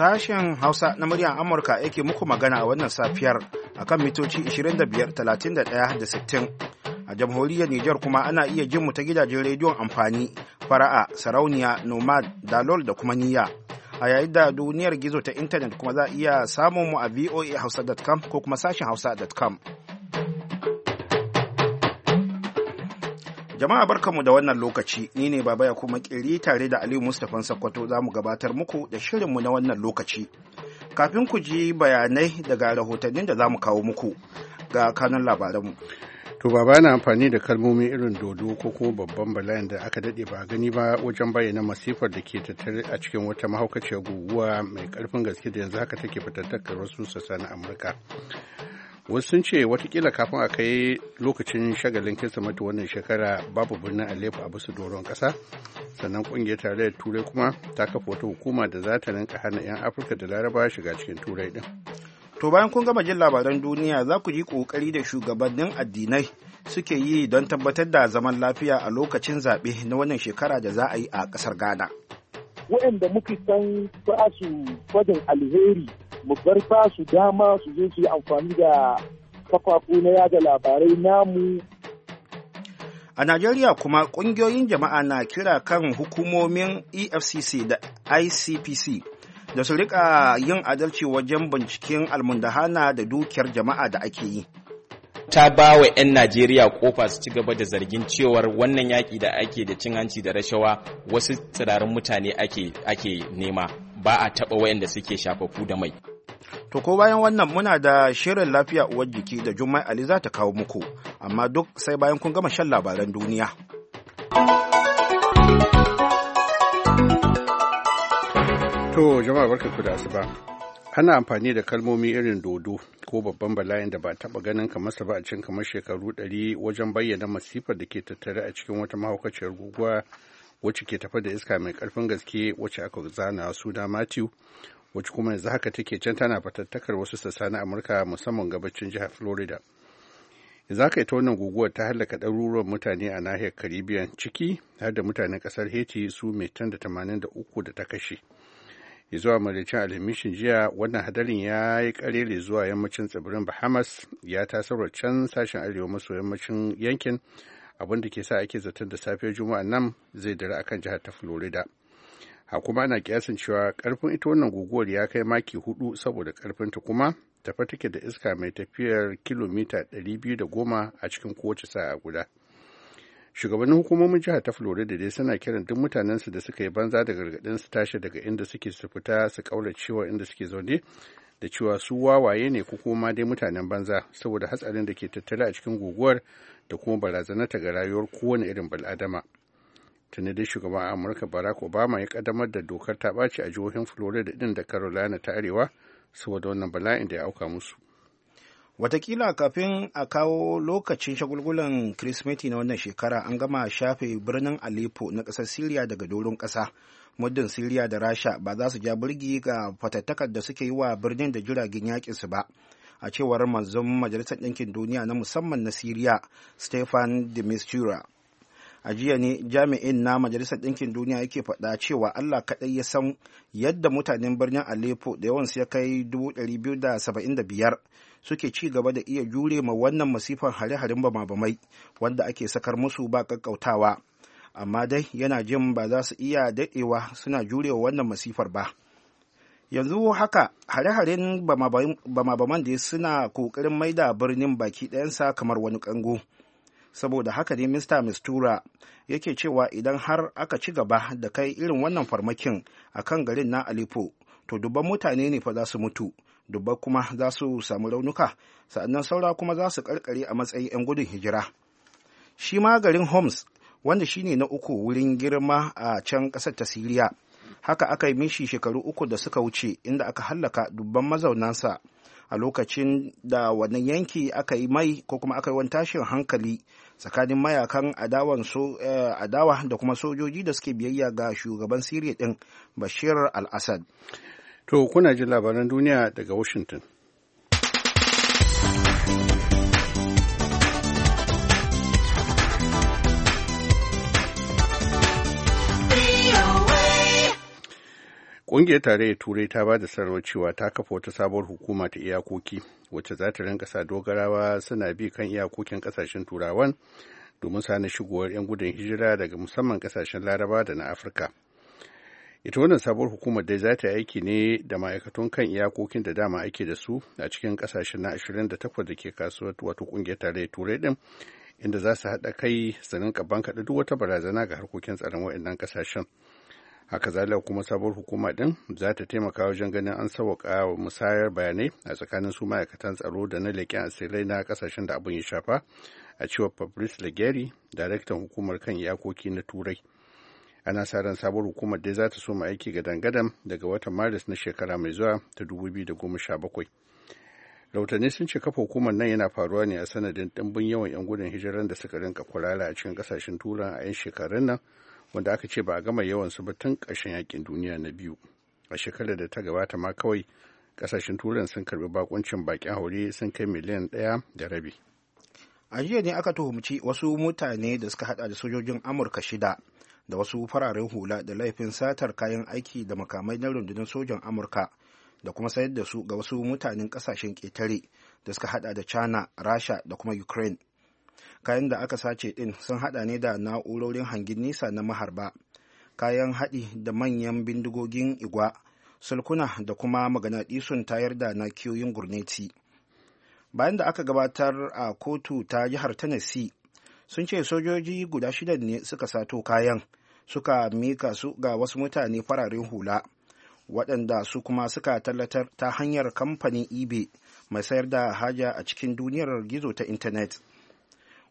Sashen Hausa na muryar Amurka yake muku magana a wannan safiyar akan mitoci 25, 31 da 60. A jamhuriyar Nijar kuma ana iya jin mu ta gidajen rediyon amfani fara'a, sarauniya, nomad, dalol da kuma niyya. A yayin da duniyar gizo ta intanet kuma za a iya samun mu a voa hausa.com ko kuma sashen hausa.com. Jama'a barkanmu da wannan lokaci, ni ne Baba ya kuma kiri tare da Aliyu Mustapha Sakkwato za mu gabatar muku da shirinmu na wannan lokaci. Kafin ku ji bayanai daga rahotannin da za mu kawo muku ga labaran mu. To baba yana amfani da kalmomi irin dodo ko kuma babban bala'in da aka daɗe ba gani ba wajen bayyana masifar da ke tattare a cikin wata mahaukaciyar guguwa mai karfin gaske da yanzu haka take fitattakar wasu sassa na Amurka. wasu sun ce watakila kafin a kai lokacin shagalin kirsimeti wannan shekara babu birnin alefa a bisa doron kasa sannan kungiyar tarayyar turai kuma ta kafa wata hukuma da za ta rinka hana 'yan afirka da laraba shiga cikin turai din to bayan kun gama jin labaran duniya za ku ji kokari da shugabannin addinai suke yi don tabbatar da zaman lafiya a lokacin zaɓe na wannan shekara da za a yi a ƙasar ghana waɗanda muke san ba su gwajin alheri mu bar ba su dama su je su yi amfani da kafafu na yada labarai namu a najeriya kuma ƙungiyoyin jama'a na kira kan hukumomin efcc da icpc da su rika yin adalci wajen binciken almundahana da dukiyar jama'a da ake yi ta ba wa 'yan najeriya kofa su ci gaba da zargin cewar wannan yaƙi da ake da cin hanci da rashawa wasu tsirarin mutane ake nema ba a taɓa wayanda suke shafafu da mai To ko bayan wannan muna da shirin lafiya uwar jiki da Jummai Ali za ta kawo muku, amma duk sai bayan kun gama shan labaran duniya. To jama'a ku da asuba. Ana amfani da kalmomi irin dodo ko babban bala'in da ba taɓa ganin kamar ba a cin kamar shekaru ɗari wajen bayyana masifar da ke tattare a cikin wata mahaukaciyar guguwa wacce ke tafa da iska mai ƙarfin gaske wacce aka zana suna Matthew wacce kuma yanzu haka take can tana fatattakar wasu sassa na amurka musamman gabacin jihar florida yanzu haka ita wannan guguwar ta hallaka ɗaruruwan mutane a nahiyar caribbean ciki har da mutanen ƙasar haiti su mai da tamanin da uku da ta kashe ya zuwa maraicin alhamishin jiya wannan hadarin ya yi karere zuwa yammacin tsibirin bahamas ya tasarwa can sashen arewa maso yammacin yankin abinda ke sa ake zaton da safiyar juma'a nan zai a akan jihar ta florida kuma ana kiyasin cewa karfin ita wannan guguwar ya kai maki hudu saboda karfinta kuma tafi take da iska mai tafiyar kilomita 210 a cikin kowace sa'a guda shugabannin hukumomin jihar ta florida dai suna kiran duk mutanensu da suka yi banza da gargaɗin su tashi daga inda suke su fita su kaura cewa inda suke zaune da cewa su wawaye ne ko kuma dai mutanen banza saboda hatsarin da ke tattare a cikin guguwar da kuma barazanar ta ga rayuwar kowane irin bal'adama. tuni dai shugaban amurka barack obama ya kaddamar da dokar ta ɓaci a jihohin florida din da carolina ta arewa saboda wannan bala'in da ya auka musu watakila kafin a kawo lokacin shagulgulan kirismeti na wannan shekara an gama shafe birnin aleppo na ƙasar siriya daga doron ƙasa muddin siriya da rasha ba za su ja birgi ga fatattakar da suke yi wa birnin da jiragen yakin su ba a cewar manzon majalisar ɗinkin duniya na musamman na siriya stefan de mistura a jiya ne jami'in na majalisar ɗinkin duniya yake faɗa cewa allah kaɗai ya san yadda mutanen birnin aleppo da yawansu ya kai 275 suke ci gaba da iya jure ma wannan masifan hare-haren bamabamai wanda ake sakar musu ba ƙaƙƙautawa amma dai yana jin ba za su iya daɗewa suna jurewa wannan masifar ba yanzu haka hare-haren bamabaman da suna ƙoƙarin maida birnin baki ɗayansa kamar wani ƙango. saboda haka ne mista mistura yake cewa idan har aka ci gaba da kai irin wannan farmakin a kan garin na alipo to dubban mutane ne fa za su mutu dubban kuma za su samu raunuka sa'annan saura kuma za su karkare a matsayin 'yan gudun hijira shi ma garin homs wanda shine na uku wurin girma a can ƙasar ta siriya haka aka yi mishi shekaru uku da suka wuce inda aka hallaka dubban mazaunansa a lokacin da wannan yanki aka yi mai ko kuma aka yi wani tashin hankali tsakanin mayakan eh, adawa da kuma sojoji da suke biyayya ga shugaban siriya din bashir al-assad to kuna jin labaran duniya daga washington Ƙungiyar Tarayyar Turai ta ba da sanarwar cewa ta kafa wata sabuwar hukuma ta iyakoki wacce za ta rinka sa dogarawa suna bi kan iyakokin ƙasashen Turawan domin sa shigowar 'yan gudun hijira daga musamman ƙasashen Laraba da na Afirka. Ita wannan sabuwar hukumar dai za ta yi aiki ne da ma'aikatun kan iyakokin da dama ake da su a cikin ƙasashen na 28 da ke kasuwar wato ƙungiyar Tarayyar Turai din inda za su haɗa kai su rinka bankaɗa duk wata barazana ga harkokin tsaron waɗannan ƙasashen. haka zalika kuma sabuwar hukuma din za ta taimaka wajen ganin an sauwaka wa musayar bayanai a tsakanin su ma'aikatan tsaro da na leƙen asirai na kasashen da abin ya shafa a cewar fabrice legeri daraktan hukumar kan iyakoki na turai ana sa ran sabuwar hukumar dai za ta ma aiki ga dangadan daga watan maris na shekara mai zuwa ta biyu da goma 2017 rahotanni sun ce kafa hukumar nan yana faruwa ne a sanadin dimbin yawan 'yan gudun hijiran da suka rinka kurala a cikin kasashen turan a 'yan shekarun nan wanda aka ce ba a gama yawansu ba tun ƙarshen yakin duniya na biyu a shekarar da ta gabata ma kawai kasashen turan sun karbi bakuncin bakin haure sun kai miliyan ɗaya da rabi a jiya ne aka tuhumci wasu mutane da suka hada da sojojin amurka shida da wasu fararen hula da laifin satar kayan aiki da makamai na rundunar sojan amurka da kuma sayar da su ga wasu mutanen kasashen ketare da suka hada da china rasha da kuma ukraine kayan da aka sace din sun hada ne da na'urorin hangin nisa na maharba kayan haɗi da manyan bindigogin igwa sulkuna da kuma maganaɗisun tayar da na kiyoyin gurneti bayan da aka gabatar a kotu ta jihar tennessee sun ce sojoji guda shida ne suka sato kayan suka mika su ga wasu mutane fararen hula waɗanda su kuma suka tallatar ta hanyar kamfanin ebay mai sayar da haja a cikin duniyar gizo ta intanet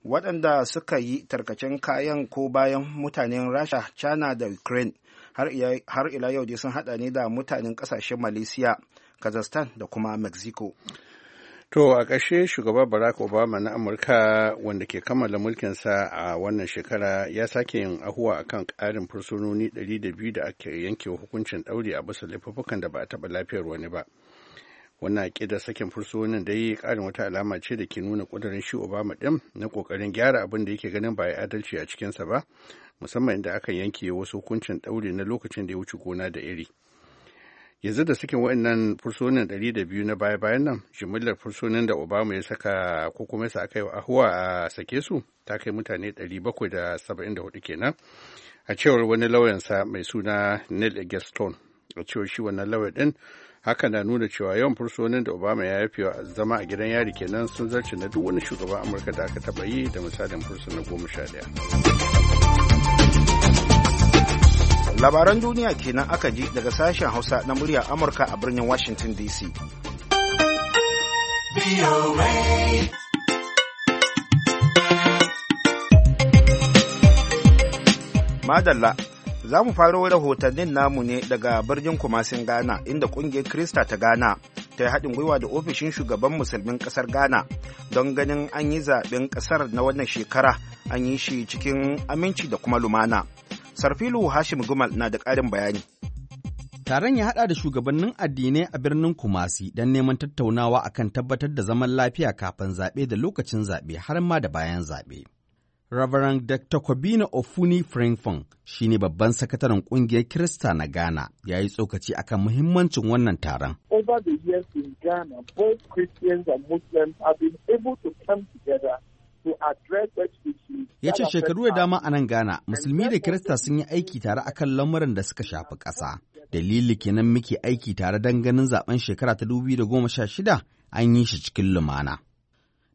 waɗanda suka yi tarkacen kayan ko bayan mutanen rasha china da ukraine har ila yau dai sun hada ne da mutanen ƙasashen malaysia kazakhstan da kuma mexico To a ƙarshe shugaba Barack Obama na Amurka wanda ke kammala mulkinsa a wannan shekara ya sake yin ahuwa a kan ƙarin fursunoni 200 da ake yanke hukuncin ɗauri a bisa laifukan da ba a taɓa lafiyar wani ba. wannan da sakin fursunan da yi ƙarin wata alama ce da ke nuna kudurin shi obama din na kokarin gyara abin da yake ganin ba ya adalci a cikinsa ba musamman inda akan yanke wasu hukuncin ɗaure na lokacin da ya wuce gona da iri yanzu da sakin waɗannan fursunan ɗari da biyu na baya-bayan nan jimillar fursunan da obama ya saka ko kuma yasa aka yi ahuwa a sake su ta kai mutane ɗari kenan a cewar wani lauyansa mai suna neil gaston a cewar shi wannan lauyan din. haka na nuna cewa yawan fursunonin da obama ya yafe wa zama a gidan yari kenan sun zarce na duk wani shugaban amurka da aka taba yi da misalin fursuna goma sha daya. labaran duniya kenan aka ji daga sashen hausa na murya amurka a birnin washington dc madalla za mu faro rahotannin namu ne daga birnin kumasin ghana inda kungiyar krista ta ghana ta yi haɗin gwiwa da ofishin shugaban musulmin ƙasar ghana don ganin an yi zaɓen ƙasar na wannan shekara an yi shi cikin aminci da kuma lumana sarfilu hashim gumal na da ƙarin bayani taron ya haɗa da shugabannin addinai a birnin kumasi don neman tattaunawa akan tabbatar da zaman lafiya kafin zaɓe da lokacin zaɓe har ma da bayan zaɓe. Reverend Dr. Kwabina Ofuni Frankfurt shi ne babban sakataren kungiyar Kirista na Ghana ya yi tsokaci akan muhimmancin wannan taron. Over Ya ce shekaru da dama a nan Ghana, Musulmi da Kirista sun yi aiki tare a kan lamuran da suka shafi ƙasa. Dalili kenan muke aiki tare don ganin zaben shekara ta 2016 an yi shi cikin lumana.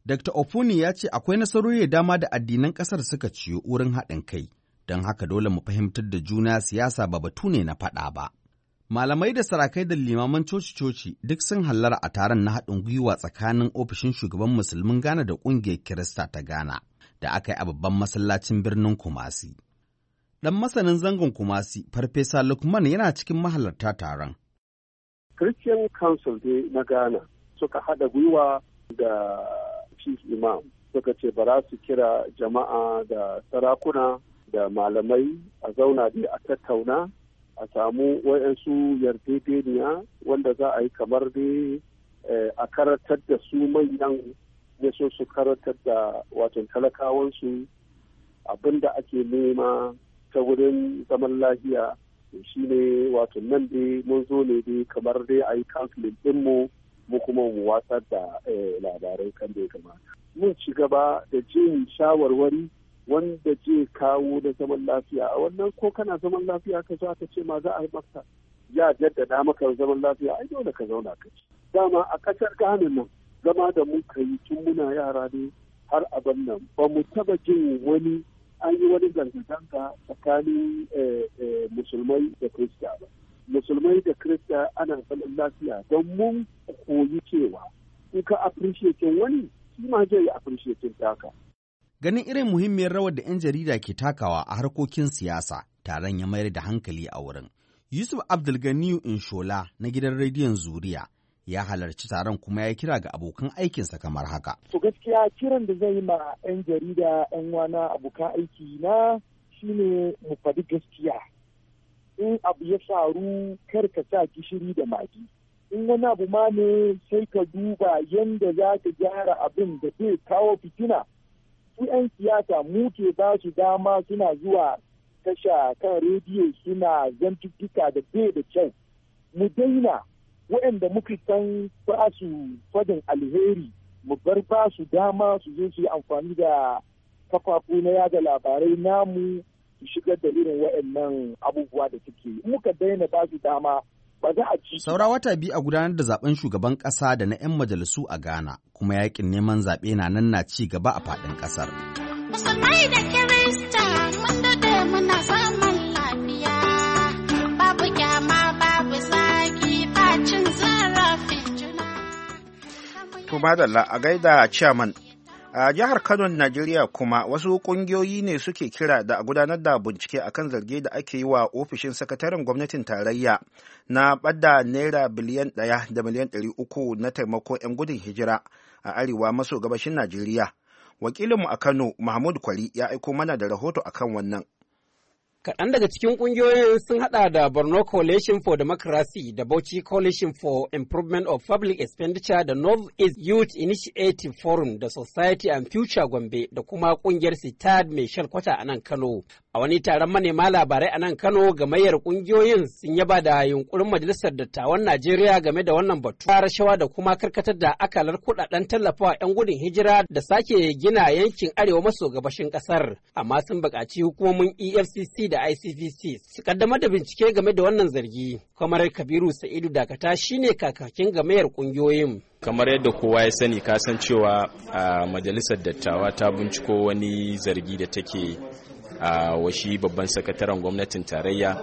Dr. Ofuni ya ce akwai nasarori da dama da addinan ƙasar suka ciyo wurin haɗin kai, don haka dole mu fahimtar da juna siyasa ba batu ne na faɗa ba. Malamai da sarakai da limaman coci-coci duk sun hallara a taron na haɗin gwiwa tsakanin ofishin shugaban musulmin Ghana da ƙungiyar Kirista ta Ghana da aka yi a babban masallacin birnin Kumasi. Ɗan masanin zangon Kumasi, Farfesa Lukman yana cikin mahalarta taron. Christian Council na Ghana suka haɗa gwiwa da chief imam suka ce ba za su kira jama'a da sarakuna da malamai a zauna dai a tattauna a samu wayansu yarjejeniya wanda za a yi kamar dai eh, a karantar da su manyan ya so su karantar da watan talakawansu abin da ake nema ta wurin zaman lahiya shi ne wato nan dai mun zo ne dai kamar dai a yi kansulin mu. mu kuma mu wasar da eh, labarai kan da ya kamata. Mun ci gaba da jin shawarwari wanda zai kawo da zaman lafiya a wannan ko kana zaman lafiya ka zo ka ce ma za a yi maka ya jaddada maka zaman lafiya ai dole ka zauna ka ci. Dama a ƙasar Ghana nan zama da muka yi tun muna yara ne har abin nan ba mu taba jin wani an yi wani zanga-zanga tsakanin eh, eh, musulmai da kirista ba. musulmai da krista ana salon lafiya don mun koyi cewa in ka appreciating wani shi ma zai yi taka. Ganin irin muhimmiyar rawar da 'yan jarida ke takawa a harkokin siyasa taron ya mayar da hankali a wurin. Yusuf Abdulganiyu Inshola na gidan rediyon Zuriya ya halarci taron kuma ya kira ga abokan aikinsa kamar haka. To gaskiya kiran da zai yi ma 'yan jarida 'yan wana abokan aiki na shine mu faɗi gaskiya in abu ya faru kar ka sa gishiri da magi in wani abu ma ne sai ka duba yadda za ka gyara abin da zai kawo fitina su 'yan siyasa mu ke ba su dama suna zuwa tasha kan rediyo suna zantuttuka da bai da kyau mu daina waɗanda muka san ba su fadin alheri mu bar ba su dama su zo su yi amfani da kafafu na yada labarai namu shigar da irin waɗannan abubuwa da suke muka daina ba su dama ba za a ci. Saura wata biyu a gudanar da zaben shugaban ƙasa da na 'yan majalisu a Ghana kuma yakin neman zaɓe na nan na ci gaba a faɗin ƙasar. Musulmai da Kirista mun da lafiya babu kyama babu zaki ba cin zarafin juna. To madalla a gaida ciyaman a jihar kano najeriya kuma wasu ƙungiyoyi ne suke kira da gudanar da bincike akan zarge da ake yi wa ofishin sakataren gwamnatin tarayya na bada naira biliyan ɗaya da miliyan ɗari uku na taimako 'yan gudun hijira a arewa maso gabashin najeriya wakilinmu a kano mahmud kwari ya aiko mana da rahoto akan wannan Kaɗan daga cikin ƙungiyoyin sun haɗa da Borno Coalition for Democracy da Bauchi Coalition for Improvement of Public Expenditure da North East Youth Initiative Forum da Society and Future Gombe da kuma ƙungiyar Sitad mai shalkwata a nan Kano. A wani taron manema labarai a nan Kano gamayyar kungiyoyin sun yaba da yunkurin Majalisar Dattawan Najeriya game da wannan batu. Rashawa da kuma karkatar da akalar kudaden tallafawa 'yan gudun hijira da sake gina yankin arewa maso gabashin kasar. Amma sun buƙaci hukumomin EFCC da ICPC su kaddamar da bincike game da wannan zargi. Kamar Kabiru Sa'idu Dakata shine kakakin gamayyar kungiyoyin. kamar yadda kowa ya sani kasan cewa a majalisar dattawa ta binciko wani zargi da take a washi babban sakataren gwamnatin tarayya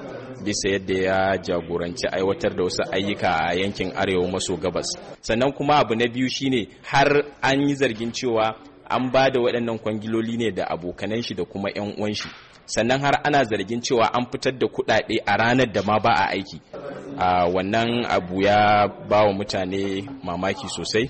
bisa yadda ya jagoranci aiwatar da wasu ayyuka a yankin arewa maso gabas sannan kuma abu na biyu shine har an yi zargin cewa an ba da waɗannan kwangiloli ne da abokanan shi da kuma 'yan uwan shi sannan har ana zargin cewa an fitar da kuɗaɗe a ranar da ma ba a aiki wannan abu ya ba wa mutane mamaki sosai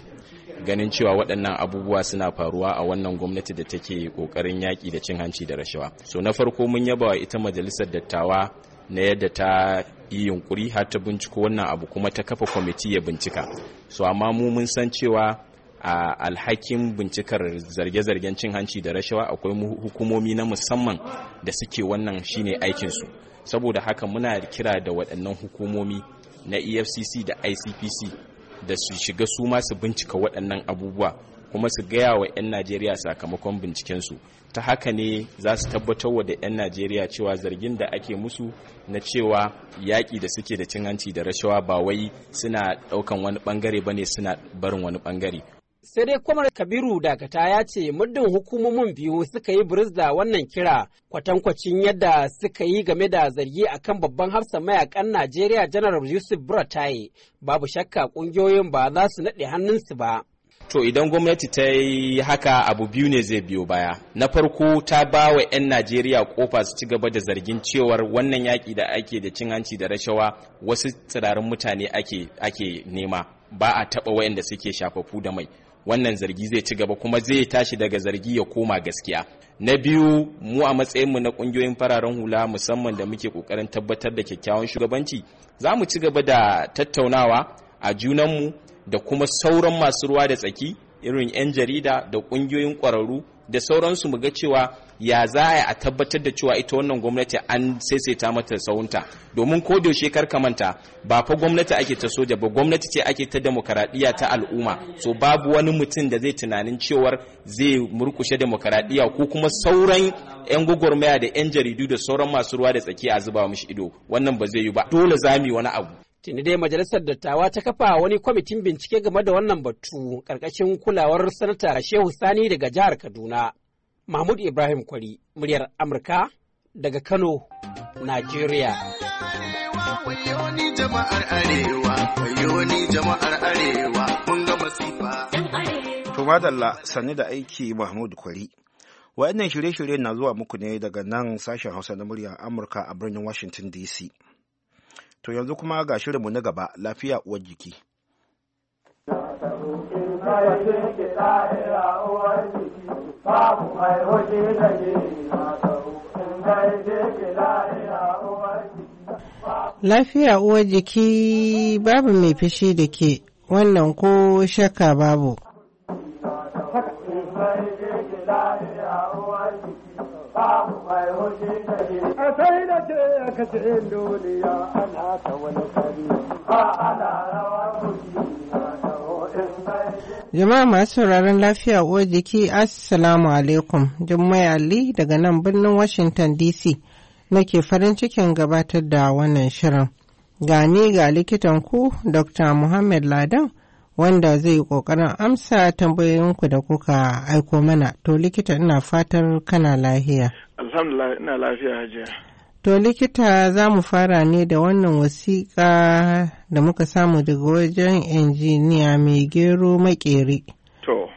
ganin cewa waɗannan abubuwa suna faruwa a wannan gwamnati da take ƙoƙarin yaƙi da cin hanci da rashawa so na farko mun yaba wa ita majalisar dattawa na yadda ta yi yunkuri har ta binciko wannan abu kuma ta kafa kwamiti ya bincika so amma mu mun san cewa a alhakin bincikar zarge-zargen cin hanci da rashawa akwai hukumomi na musamman da suke wannan shine aikinsu saboda haka muna kira da waɗannan hukumomi na efcc da icpc da su shiga su ma su bincika waɗannan abubuwa kuma su gaya wa 'yan najeriya sakamakon bincikensu ta haka ne za su tabbatar wa da 'yan najeriya cewa zargin da ake musu na cewa yaƙi da suke da cin hanci da rashawa ba wai suna ɗaukan wani ɓangare ba ne suna barin wani ɓangare sai dai kwamar kabiru dakata ya ce muddin hukumomin biyu suka yi biris da wannan kira kwatankwacin yadda suka yi game da zargi akan babban hafsa mayakan najeriya janar yusuf buratai babu shakka kungiyoyin ba za su naɗe hannunsu ba to idan gwamnati ta yi haka abu biyu ne zai biyo baya na farko ta ba wa 'yan najeriya kofa su ci gaba da zargin cewar wannan yaƙi da ake da cin hanci da rashawa wasu tsirarin mutane ake nema ba a taɓa wayanda suke shafafu da mai wannan zargi zai ci gaba kuma zai tashi daga zargi ya koma gaskiya na biyu mu a matsayinmu na kungiyoyin fararen hula musamman da muke kokarin tabbatar da kyakkyawan shugabanci za mu ci gaba da tattaunawa a junanmu da kuma sauran masu ruwa da tsaki irin 'yan jarida da kungiyoyin ƙwararru da sauransu mu ga cewa ya za a a tabbatar da cewa ita wannan gwamnati an saisaita mata sahunta domin ko da yaushe kar manta ba fa gwamnati ake ta soja ba gwamnati ce ake ta demokaradiyya ta al'umma so babu wani mutum da zai tunanin cewar zai murkushe demokaradiyya ko kuma sauran yan gwagwarmaya da yan jaridu da sauran masu ruwa da tsaki a zuba mishi ido wannan ba zai yi ba dole za yi wani abu Tuni dai majalisar dattawa ta kafa wani kwamitin bincike game da wannan batu ƙarƙashin kulawar sanata Shehu Sani daga jihar Kaduna. Mahmud Ibrahim Kwari, muryar Amurka daga Kano, Najeriya. To madalla da aiki Mahmud Kwari. Wa'annan shirye-shirye na zuwa muku ne daga nan sashen Hausa na muryar Amurka a birnin Washington DC. To yanzu kuma ga shirinmu na gaba lafiya uwar jiki. Lafiya uwar jiki babu mai fishi da ke wannan ko shakka babu. Jama'a masu sauraron lafiya uwar jiki Assalamu alaikum Jummai Ali daga nan birnin Washington DC nake farin cikin gabatar da wannan shirin. Gani ga likitan ku Dr. Muhammad Ladan wanda zai yi kokarin amsa tambayoyinku da kuka aiko mana to likita ina fatar kana lahiya. Alhamdulillah ina lafiya hajiya. To likita za mu fara ne da wannan wasiƙa da muka samu daga wajen injiniya mai gero makeri.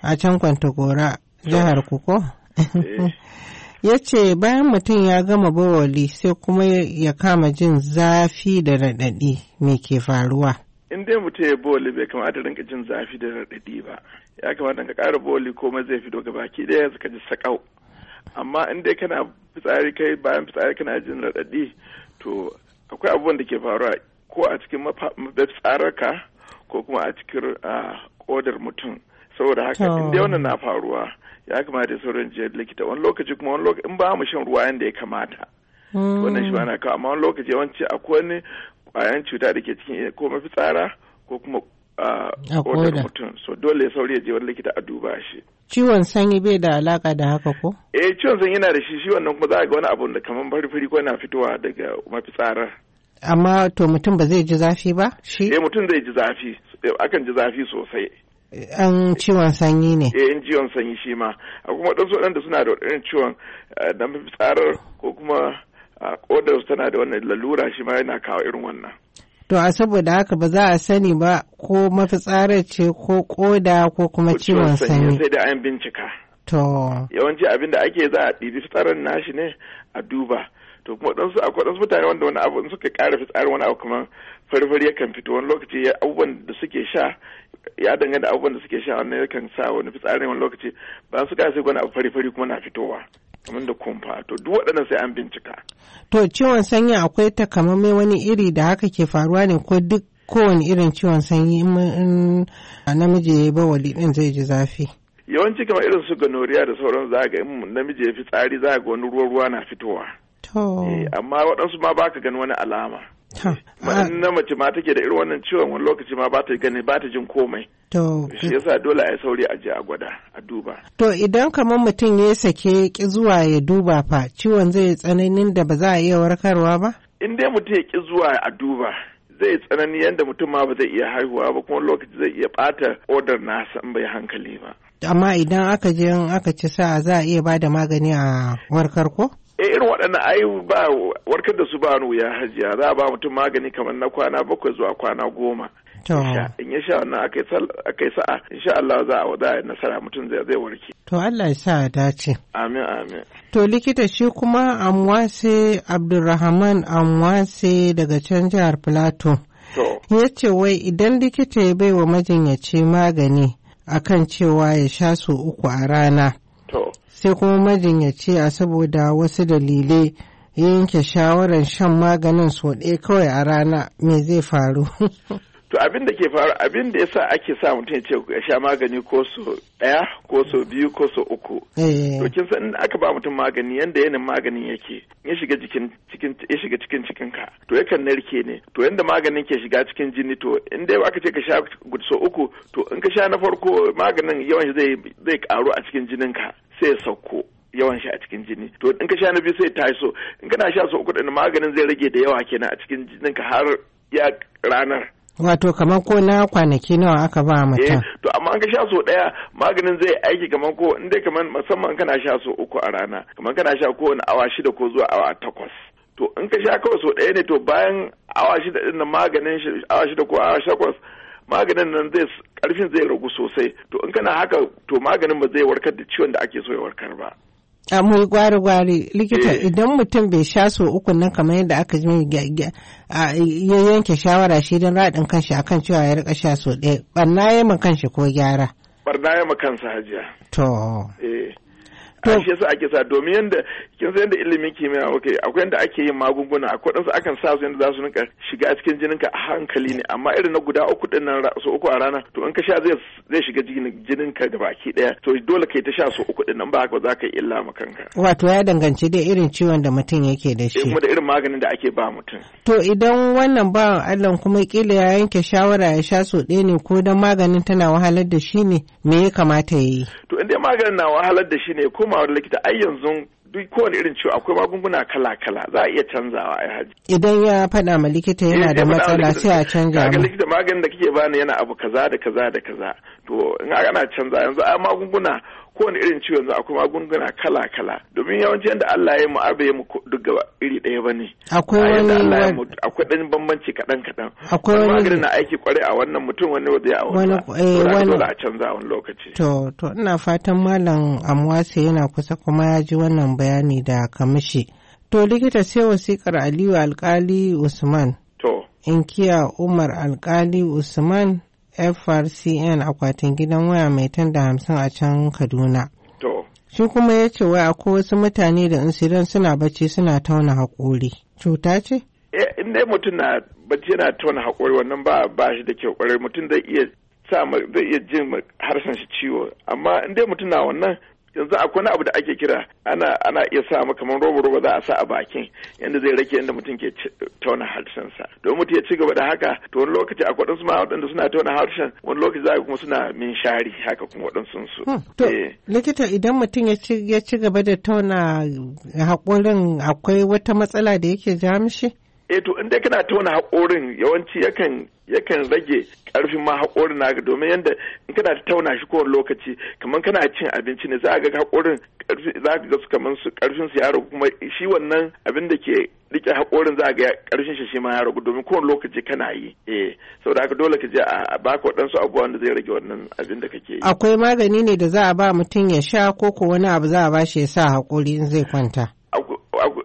A can kwantagora jihar kuko. Eh. Ya ce bayan mutum ya gama bawali sai kuma ya kama jin zafi da raɗaɗi mai ke faruwa. In dai mutum ya bawali bai kamata rinka jin zafi da raɗaɗi ba. Ya kamata ka ƙara bawali komai zai fito gaba ki ɗaya ka ji saƙau. amma in dai kana fitsari kai bayan fitsari kana jin raɗaɗi to akwai abubuwan da ke faruwa ko a cikin mafitsararka ko kuma a cikin kodar mutum saboda haka in dai wannan na faruwa ya kamata ya je likita wani lokaci kuma wani lokaci in ba mu shan ruwa yadda ya kamata hmm. wannan shi ba na kawo amma wani lokaci yawanci akwai wani kwayan cuta da ke cikin ko mafitsara ko kuma a kodar mutum so dole sauri ya je wani likita a duba shi ciwon sanyi bai da alaka da haka ko eh ciwon sanyi yana da shi shi wannan kuma za a ga wani abu da kamar fari fari ko yana fitowa daga mafitsarar amma to mutum ba zai ji zafi ba shi eh mutum zai ji zafi akan ji zafi sosai an ciwon sanyi ne eh in ciwon sanyi shi ma kuma dan su da suna da irin ciwon da eh, mafitsarar ko kuma kodar eh, tana da wannan lalura shi ma yana kawo irin wannan To a saboda haka ba za a sani ba ko mafitsarar ce ko koda ko kuma ciwon sanyi. Sai da an bincika. To. Yawanci abin da ake za a ɗibi fitsarar nashi ne a duba. To kuma ɗansu akwai ɗansu mutane wanda wani abu suka ƙara fitsarin wani abu kamar farfari yakan fito wani lokaci abubuwan da suke sha ya danganta abubuwan da suke sha wannan yakan sa wani fitsarin wani lokaci ba su ka sai wani abu fari-fari kuma na fitowa. da kumfa to duk waɗannan sai an bincika. To ciwon sanyi akwai takamaimai wani iri da haka ke faruwa ne ko duk kowane irin ciwon sanyi in namiji ya bawali ɗin zai ji zafi. Yawanci kamar irin su ganoriya da sauran za ga in namiji ya fi tsari za ga wani ruwa-ruwa na fitowa. To eh, Amma waɗansu ma baka gani wani alama. Na mace ma take da irin wannan ciwon wani lokaci ma ba ta gani ba ta jin komai. To. Shi yasa dole a sauri a je a gwada a duba. To idan kamar mutum ya sake ki zuwa ya duba fa ciwon zai tsananin da ba za a iya warkarwa ba? In dai mutum ya ki zuwa a duba zai tsanani yadda mutum ma ba zai iya haihuwa ba kuma lokaci zai iya bata odar nasa in bai hankali ba. Amma idan aka je aka ci sa za a iya ba da magani a warkar ko? e irin waɗannan ai ba warkar da su ba wuya hajiya za a ba mutum magani kamar na kwana bakwai zuwa kwana goma in ya sha wannan aka yi sa'a insha Allah za a wada nasara mutum zai zai warke to Allah ya sa a dace amin amin to likita shi kuma amwase Abdulrahman amwase daga can jihar Plateau ya ce wai idan likita ya bai wa majinyaci magani akan cewa ya sha su uku a rana sai kuma majinyaci a saboda wasu dalilai yanke shawarar shan maganin sau ɗaya kawai a rana me zai faru to abin da ke faru abin da yasa ake sa mutum ce ya sha magani ko so ɗaya ko so biyu ko so uku eh. to kin san aka ba mutum magani yanda yanin maganin yake ya shiga jikin cikin ya shiga cikin cikin ka to yakan narke ne to yanda maganin ke shiga cikin jini to in dai aka ce ka sha so uku to in ka sha na farko maganin yawan zai zai karu a cikin jinin ka sai ya sauko yawan shi a cikin jini to in ka sha na biyu sai ta so in kana sha so uku din maganin zai rage da yawa kenan a cikin jinin ka har ya ranar Wato kamar ko na kwanaki nawa aka ba eh, mutum. to amma an ka sha so daya maganin zai aiki kamar ko in dai kamar musamman kana sha so uku a rana kamar kana sha ko wani awa shida ko zuwa awa takwas. To in ka sha kawai so daya ne to bayan awa shida din nan maganin awa shida ko awa takwas maganin nan zai karfin zai ragu sosai to in kana haka to maganin ba zai warkar da ciwon da ake so ya warkar ba. a mai gwari-gwari likita eh. idan mutum bai sha so uku nan kamar yadda aka ji ya yanke shawara shi don raɗin kanshi akan cewa ya rika sha so ɗaya barna ya ma kanshi ko gyara barna ya ma kansa hajiya to eh. to shi yasa ake sa domin yanda kin san yanda ilimin kimiyya okay akwai yanda ake yin magunguna akwai dan akan sa su yanda za su rinka shiga cikin jinin ka a hankali ne amma irin na guda uku din nan so uku a rana to in ka sha zai zai shiga ka da baki daya to dole kai ta sha so uku din nan ba haka za ka yi illa ma kanka wato ya danganci dai irin ciwon da mutum yake da shi eh, kuma da irin maganin da ake ba mutum to idan wannan ba Allah kuma kila ya yanke shawara ya sha so ɗaya ne ko dan maganin tana wahalar da shi ne me ya kamata ya yi to in dai maganin na wahalar da shi ne kuma koma wurin likita ai yanzu duk kowane irin ciwo akwai magunguna kala-kala za a iya canzawa ai haji. Idan ya faɗa ma likita yana da eh, matsala sai a canza. Kaga likita maganin da kake bani yana abu kaza da kaza da kaza. To in ana canza yanzu a magunguna kowane irin ciwo yanzu akwai magunguna kala kala domin yawanci yadda Allah ya mu'abe ya mu duk gaba iri ɗaya ba ne. akwai wani Allah ya akwai ɗan bambanci kaɗan kaɗan akwai wani maganin na aiki kware a wannan mutum wani wanda ya wani eh, wani dole a canza wani lokaci to to ina fatan malam Amwase yana kusa kuma ya ji wannan bayani da kamishi to likita sai wasikar Aliyu Alkali Usman to inkiya Umar Alkali Usman frcn akwatin gidan waya mai tanda hamsin a can kaduna shi kuma ya ce wai akwai wasu mutane da insidan suna bacci suna tauna haƙori cuta ce eh, in dai mutum na bacci yana tauna haƙori wannan ba ba shi da kyau ƙwarai mutum zai iya sa zai iya jin harshen shi ciwo amma in dai mutum na wannan yanzu akwai abu da ake kira ana ana iya sa maka kamar roba roba za a sa a bakin yanda zai rage yanda mutum ke tauna sa. don mutum ya ci gaba da haka to wani lokaci akwai su ma waɗanda suna tauna harshen wani lokaci za kuma suna min shari haka kuma waɗansu su. Hmm, to eh. likita idan mutum ya ci gaba da tauna haƙorin akwai wata matsala da yake ja mishi. eh to in kana tauna haƙorin yawanci yakan yakan rage karfin ma haƙorin naka domin yadda in kana ta tauna shi kowane lokaci kamar kana cin abinci ne za a ga haƙorin za ka ga su kamar su karfin su ya ragu kuma shi wannan abin da ke rike haƙorin za a ga karfin shi shi ma ya ragu domin kowane lokaci kana yi eh saboda haka dole ka je a baka waɗansu abubuwan da zai rage wannan abin da kake yi akwai magani ne da za a ba mutum ya sha ko ko wani abu za a ba shi ya sa haƙori in zai kwanta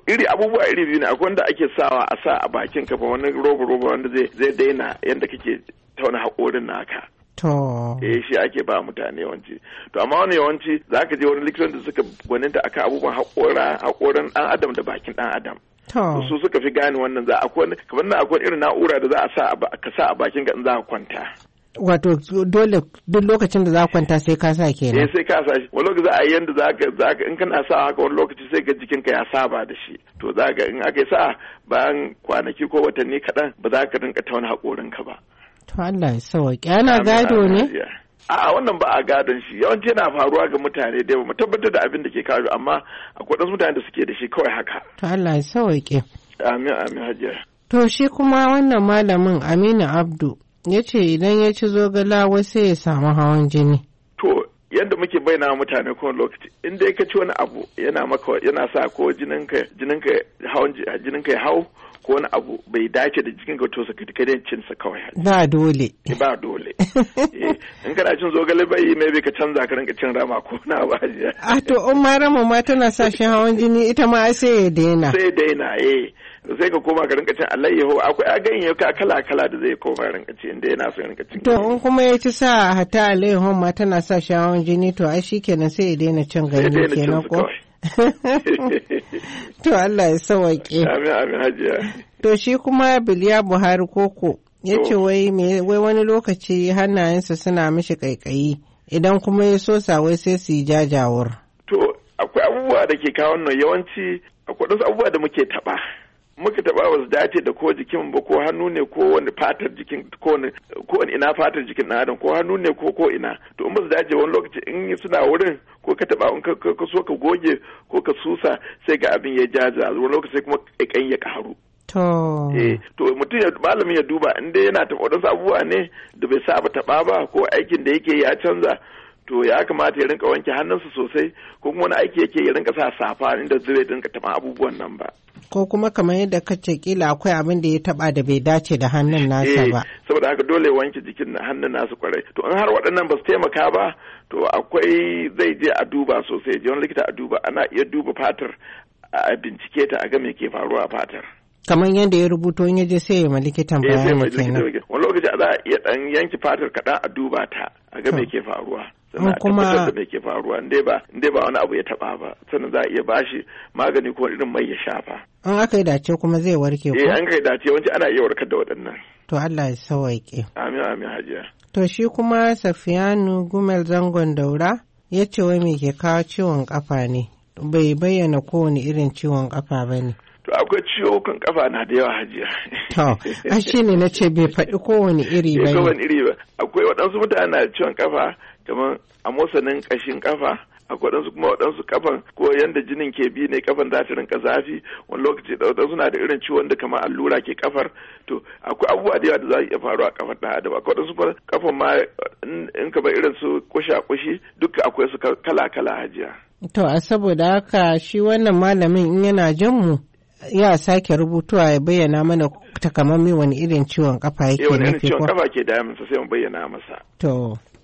iri abubuwa iri biyu ne akwai wanda ake sawa a sa a bakin ka wani roba roba wanda zai zai daina yadda kake tauna haƙorin naka To. Eh shi ake ba mutane yawanci. To amma wani yawanci za ka je wani likitan da suka gwaninta akan abubuwan haƙora haƙoran ɗan adam da bakin ɗan adam. su suka fi gane wannan za a kamar na akwai irin na'ura da za a sa ka sa a bakin ga in za a kwanta wato dole duk lokacin da za kwanta sai ka sa kenan eh sai ka sa shi wani lokaci za a yi yanda za ka in kana sa haka wani lokaci sai ka jikin ka ya saba da shi to za ka in aka yi sa bayan kwanaki ko watanni kaɗan ba za ka rinka wani haƙorin ka ba to Allah ya sauke ana gado ne a'a wannan ba a gadon shi yawanci yana faruwa ga mutane ba mu tabbatar da abin da ke kawo amma akwai wasu mutane da suke da shi kawai haka to Allah ya sauke amin amin hajiya to shi kuma wannan malamin Aminu Abdu Ya ce idan ya ci zogala wai sai ya samu hawan jini. To yadda muke bayyana mutane kowane lokaci in dai ka ci wani abu yana maka yana sa ko jininka jininka hawan jininka ya hau ko wani abu bai dace da jikinka to sa kai dai cin sa kawai ba dole eh, ba dole eh, in kana cin zogale bai me bai ka canza ka rinka cin rama ko na ba a to in ma rama ma tana sa shi hawan jini ita ma sai ya daina sai daina eh sai ka koma ka rinka cin alayyaho akwai ganyayyaka kala kala da zai koma rinka ci inda yana son rinka cin to in kuma ya ci sa hatta alayyahon ma tana sa shawon jini to ai kenan sai ya daina cin ganye kenan ko to Allah ya sawaƙe amin amin hajiya to shi kuma biliya buhari koko ya ce wai wani lokaci hannayensa suna mishi kaikayi idan kuma ya so wai sai su yi jajawar to akwai abubuwa da ke kawo nan yawanci akwai wasu abubuwa da muke taɓa muka taba wasu dace da ko jikin ba ko hannu ne ko wani fatar jikin ko wani ko wani ina fatar jikin na adam ko hannu ne ko ko ina to in ba su dace wani lokaci in suna wurin ko ka taba in ka so ka goge ko ka susa sai ga abin ya jaja wani lokaci kuma ya ƙaru To. Eh, to mutum ya malamin ya duba in dai yana taɓa wadansu abubuwa ne da bai saba taɓa ba ko aikin da yake ya canza to ya kamata ya rinka wanke hannunsa sosai ko kuma wani aiki yake ya rinka sa safa inda zai rinka taba abubuwan nan ba ko kuma kamar yadda ka ce kila akwai abin da ya taba da bai dace da hannun nasa eh, ba saboda haka dole wanke jikin hannun nasu kwarai to in har waɗannan ba su taimaka ba to akwai zai je a duba sosai je wani likita a duba ana iya duba fatar a bincike ta a ga me ke faruwa a fatar kamar yadda ya rubuto in yaje sai ma likitan eh, bayani kenan wani lokaci za a iya dan yanki fatar kaɗan a duba ta a ga me ke faruwa sannan kuma da me ke faruwa in ba ba wani abu ya taba ba sannan za a iya bashi magani ko irin mai ya shafa an aka yi dace kuma zai warke ko eh an kai dace wanci ana iya warkar da waɗannan to Allah ya sawaike amin amin hajiya to shi kuma Safiyanu Gumel Zangon Daura ya ce wai me ke kawo ciwon kafa ne bai bayyana kowane irin ciwon kafa ba ne to akwai kan kafa na da yawa hajiya. To, a shi ne na ce bai faɗi kowane iri ba. Bai kowane iri ba. Akwai waɗansu mutane na ciwon kafa kamar a motsanin ƙashin kafa a waɗansu kuma waɗansu kafan ko yanda jinin ke bi ne kafan za ta rinka zafi wani lokaci da waɗansu na da irin ciwon da kamar allura ke kafar to akwai abubuwa da yawa da za su iya faruwa a kafar ɗan adam akwai waɗansu kuma kafan ma in ka bar irin su a kushi duka akwai su kala kala hajiya. to a saboda haka shi wannan malamin in yana jan mu ya sake rubutuwa ya bayyana mana takamammi wani irin ciwon kafa yake nufi eh, ko? wani irin ciwon kafa ke damunsa sai mu bayyana masa. to.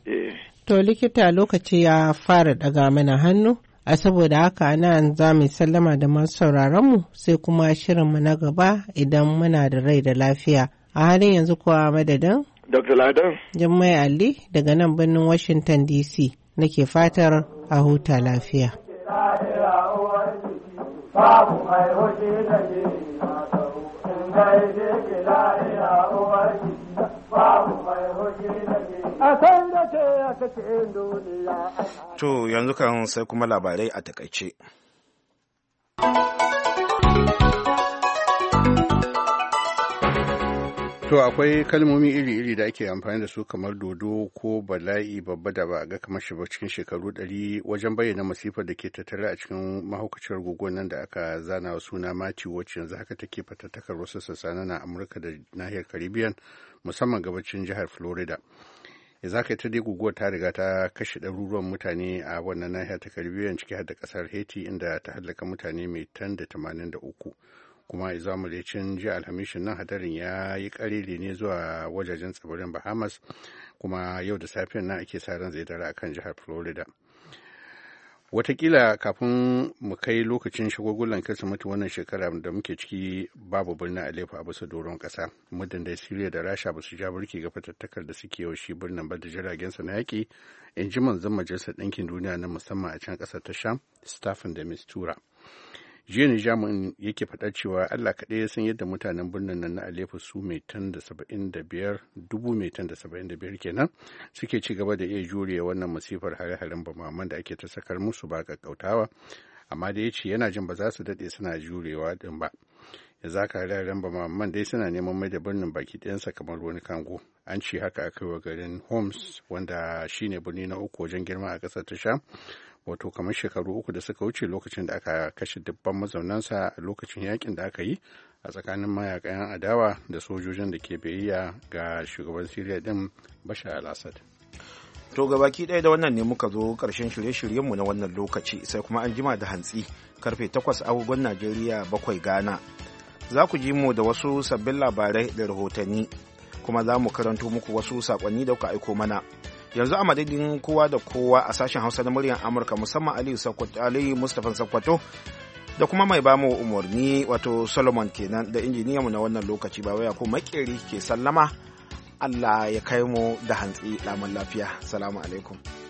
eh. To likita lokaci ya fara daga mana hannu, a saboda haka nan za mu sallama da masu sauraronmu sai kuma shirinmu na gaba idan muna da rai da lafiya. A halin yanzu kuwa madadin? Dr. Ladan. Jummai Ali daga nan birnin Washington DC nake fatar a huta lafiya. Babu mai hoji da ke mata, in ke la'ira uwarki To yanzu kan sai kuma labarai a takaice. To akwai kalmomi iri-iri da ake amfani da su kamar dodo ko bala'i babba da ba a ga kamar shi cikin shekaru ɗari wajen bayyana masifar da ke tattare a cikin mahaukaciyar guguwar nan da aka zana wa suna mati wacce yanzu haka take fatattakar wasu sassa na Amurka da nahiyar Caribbean musamman gabacin jihar Florida. Ya za ka ta dai guguwar ta riga ta kashe ɗaruruwan mutane a wannan nahiyar ta Caribbean ciki har da ƙasar Haiti inda ta hallaka mutane mai tan da tamanin da uku. kuma ya zamu da cin ji alhamishin nan hadarin ya yi karili ne zuwa wajajen tsibirin bahamas kuma yau da safiyan nan ake sa ran zai dara kan jihar florida watakila kafin mu kai lokacin shagulgulan kirsimeti wannan shekara da muke ciki babu birnin alefa a bisa doron kasa muddin da siriya da rasha ba su ja burki ga fatattakar da suke yau shi birnin ba da jiragensa na yaƙi in ji manzon majalisar ɗinkin duniya na musamman a can ƙasar ta sham stafan da mistura jiya jamun yake faɗa cewa allah kaɗai ya san yadda mutanen birnin nan na aleppo su mai tan da saba'in da biyar dubu mai tan da saba'in da biyar kenan suke ci gaba da iya jure wannan masifar hare-haren bamaman da ake ta sakar musu ba ƙaƙƙautawa amma da ya ce yana jin ba za su daɗe suna jurewa ɗin ba ya za ka hare-haren bamaman dai suna neman mai da birnin baki ɗayansa kamar wani kango an ce haka a kai wa garin homs wanda shine birni na uku wajen girma a ƙasar ta sha. wato kamar shekaru uku da suka wuce lokacin da aka kashe dubban mazaunansa a lokacin yakin da aka yi a tsakanin mayakan adawa da sojojin da ke biyayya ga shugaban siriya din bashar al-assad to gabaki ɗaya da wannan ne muka zo ƙarshen shirye-shiryenmu na wannan lokaci sai kuma an jima da hantsi karfe 8 agogon najeriya bakwai gana za ku ji mu da wasu sabbin labarai da rahotanni kuma za mu karanto muku wasu saƙonni da kuka aiko mana yanzu a madadin kowa da kowa a sashen hausa na muryar amurka musamman aliyu mustapha sakwato da kuma mai bamu umarni wato solomon kenan da mu na wannan lokaci ba waya ko makeri ke sallama allah ya kai mu da hantsi lamun lafiya salamu alaikum